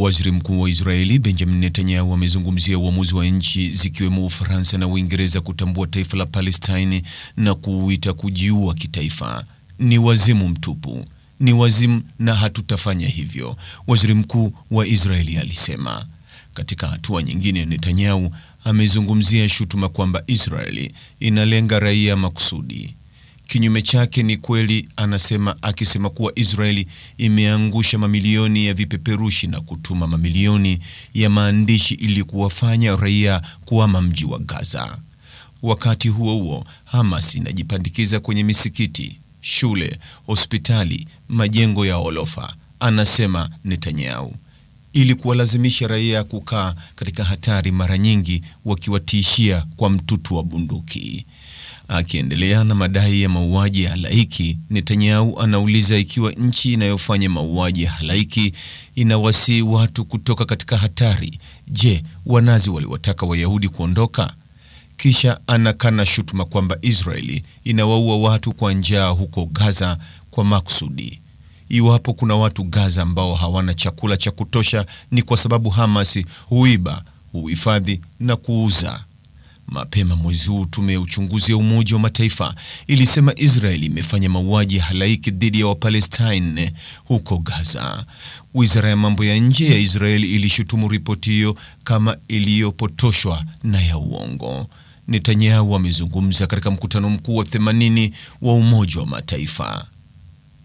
Waziri Mkuu wa Israeli Benjamin Netanyahu amezungumzia uamuzi wa nchi zikiwemo Ufaransa na Uingereza kutambua taifa la Palestine na kuuita kujiua kitaifa. Ni wazimu mtupu, ni wazimu na hatutafanya hivyo, Waziri Mkuu wa Israeli alisema. Katika hatua nyingine, Netanyahu amezungumzia shutuma kwamba Israeli inalenga raia makusudi. Kinyume chake ni kweli anasema, akisema kuwa Israeli imeangusha mamilioni ya vipeperushi na kutuma mamilioni ya maandishi ili kuwafanya raia kuhama mji wa Gaza. Wakati huo huo, Hamas inajipandikiza kwenye misikiti, shule, hospitali, majengo ya ghorofa, anasema Netanyahu ili kuwalazimisha raia kukaa katika hatari, mara nyingi wakiwatishia kwa mtutu wa bunduki. Akiendelea na madai ya mauaji ya halaiki, Netanyahu anauliza ikiwa nchi inayofanya mauaji ya halaiki inawasii watu kutoka katika hatari, je, wanazi waliwataka Wayahudi kuondoka? Kisha anakana shutuma kwamba Israeli inawaua watu kwa njaa huko Gaza kwa makusudi. Iwapo kuna watu Gaza ambao hawana chakula cha kutosha, ni kwa sababu Hamas huiba, huhifadhi na kuuza. Mapema mwezi huu tume ya uchunguzi ya Umoja wa Mataifa ilisema Israeli imefanya mauaji halaiki dhidi ya Wapalestine huko Gaza. Wizara ya Mambo ya Nje ya Israeli ilishutumu ripoti hiyo kama iliyopotoshwa na ya uongo. Netanyahu amezungumza katika mkutano mkuu wa 80 wa Umoja wa Mataifa.